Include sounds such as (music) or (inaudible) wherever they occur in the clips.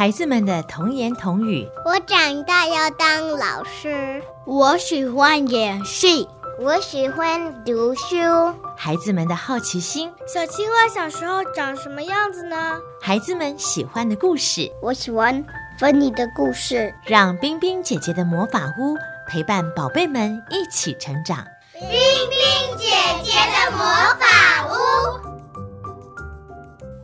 孩子們的童言童語：我長大要當老師，我喜歡演戲，我喜歡讀書。孩子們的好奇心：小青蛙小時候長什麼樣子呢？孩子們喜歡的故事：我喜歡《分你》的故事。讓冰冰姐姐的魔法屋陪伴寶貝們一起成長。冰冰姐姐的魔法。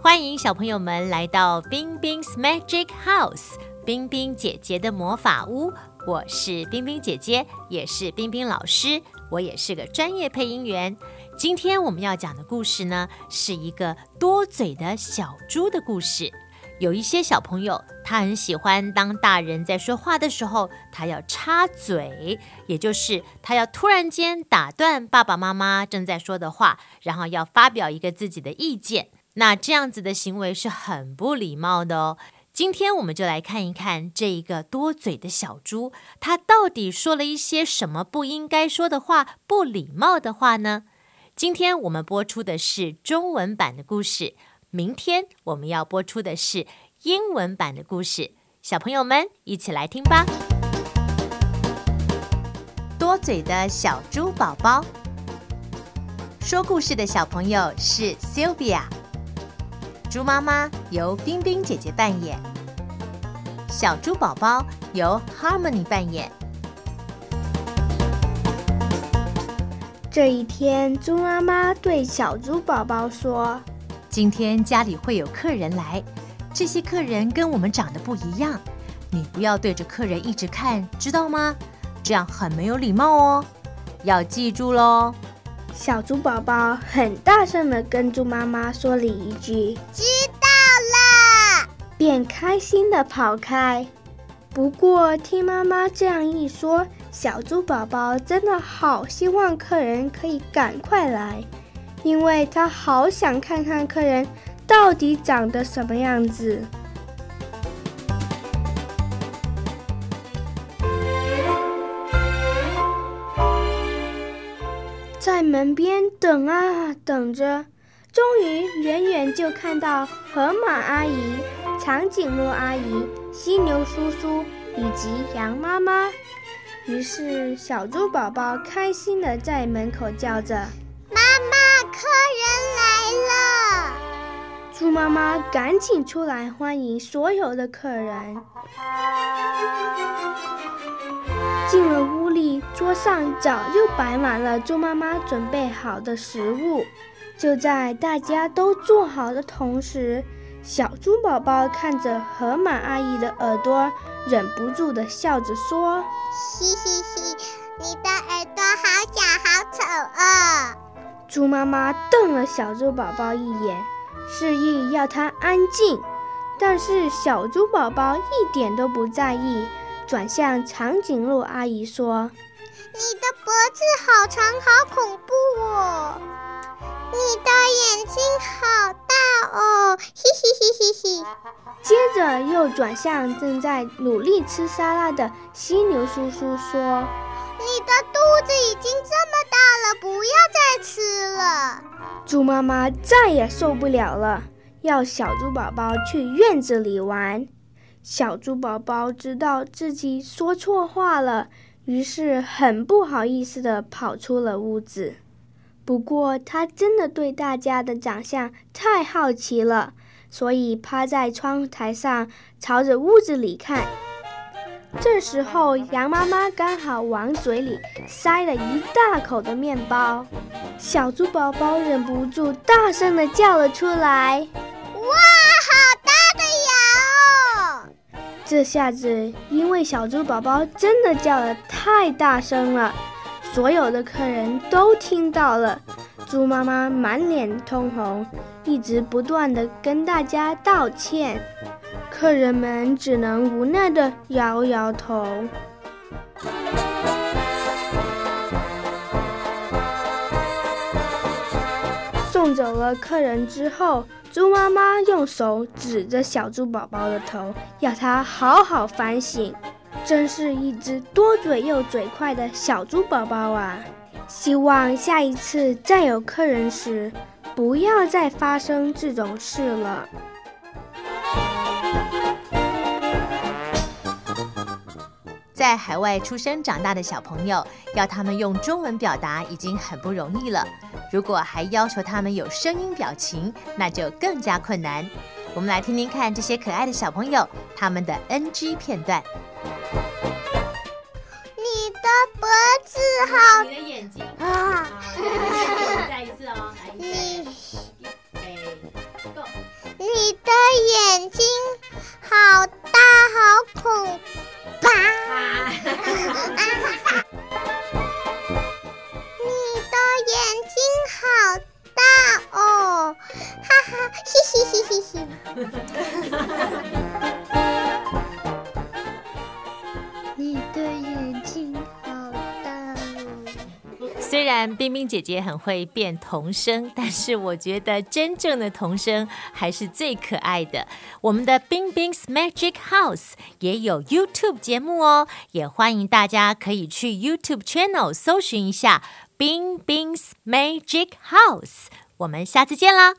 歡迎小朋友們來到冰冰 's Magic House，冰冰姐姐的魔法屋。我是冰冰姐姐，也是冰冰老師，我也是個專業配音員。今天我們要講的故事呢，是一個多嘴的小豬的故事。有一些小朋友，他很喜歡當大人在說話的時候，他要插嘴，也就是他要突然間打斷爸爸媽媽正在說的話，然後要發表一個自己的意見。那這樣子的行為是很不禮貌的哦。今天我們就來看一看這一個多嘴的小豬，他到底說了一些什麼不應該說的話、不禮貌的話呢？今天我們播出的是中文版的故事，明天我們要播出的是英文版的故事，小朋友們一起來聽吧。多嘴的小豬寶寶，說故事的小朋友是 Sylvia。豬媽媽由冰冰姐姐扮演，小豬寶寶由 Harmony 扮演。這一天，豬媽媽對小豬寶寶說：“今天家裡會有客人來，這些客人跟我們長得不一樣，你不要對着客人一直看，知道嗎？這樣很沒有禮貌哦，要記住嘍。”小豬寶寶很大聲地跟豬媽媽說了一句：“知道了。”便開心地跑開。不過，聽媽媽這樣一說，小豬寶寶真的好希望客人可以趕快來，因為她好想看看客人到底長得什麼樣子。在門邊等啊等着，終於遠遠就看到河馬阿姨、長頸鹿阿姨、犀牛叔叔以及羊媽媽。於是小豬寶寶開心地在門口叫着：“媽媽，客人來了！”豬媽媽趕緊出來歡迎所有的客人。進了屋。桌上早就擺滿了豬媽媽準備好的食物。就在大家都坐好的同時，小豬寶寶看着河馬阿姨的耳朵，忍不住地笑着說：“嘻嘻嘻，你的耳朵好小，好醜哦！”豬媽媽瞪了小豬寶寶一眼，示意要它安靜，但是小豬寶寶一點都不在意。轉向長頸鹿阿姨說：“你的脖子好長，好恐怖哦！你的眼睛好大哦，嘿嘿嘿嘿嘿。”接着又轉向正在努力吃沙拉的犀牛叔叔說：“你的肚子已經這麼大了，不要再吃了。”豬媽媽再也受不了了，要小豬寶寶去院子裡玩。小豬寶寶知道自己說錯話了，於是很不好意思地跑出了屋子。不過，他真的對大家的長相太好奇了，所以趴在窗台上朝着屋子裡看。這時候，羊媽媽剛好往嘴裡塞了一大口的麵包，小豬寶寶忍不住大聲地叫了出來。這下子，因為小豬寶寶真的叫的太大聲了，所有的客人都聽到了。豬媽媽滿臉通紅，一直不斷的跟大家道歉，客人們只能無奈的搖搖頭。送走了客人之後，豬媽媽用手指着小豬寶寶的頭，要他好好反省。真是一隻多嘴又嘴快的小豬寶寶啊！希望下一次再有客人時，不要再發生這種事了。在海外出生長大的小朋友，要他們用中文表達已經很不容易了，如果還要求他們有聲音表情，那就更加困難。我們來聽聽看這些可愛的小朋友他們的 NG 片段。你的脖子好，你的眼睛啊， (laughs) 再一次哦，來。 (laughs) 你的眼睛好大哦！雖然冰冰姐姐很會變童聲，但是我覺得真正的童聲還是最可愛的。我們的 Bing Bing's Magic House 也有 YouTube 節目哦，也歡迎大家可以去 YouTube Channel 搜尋一下 Bing Bing's Magic House。我們下次見啦！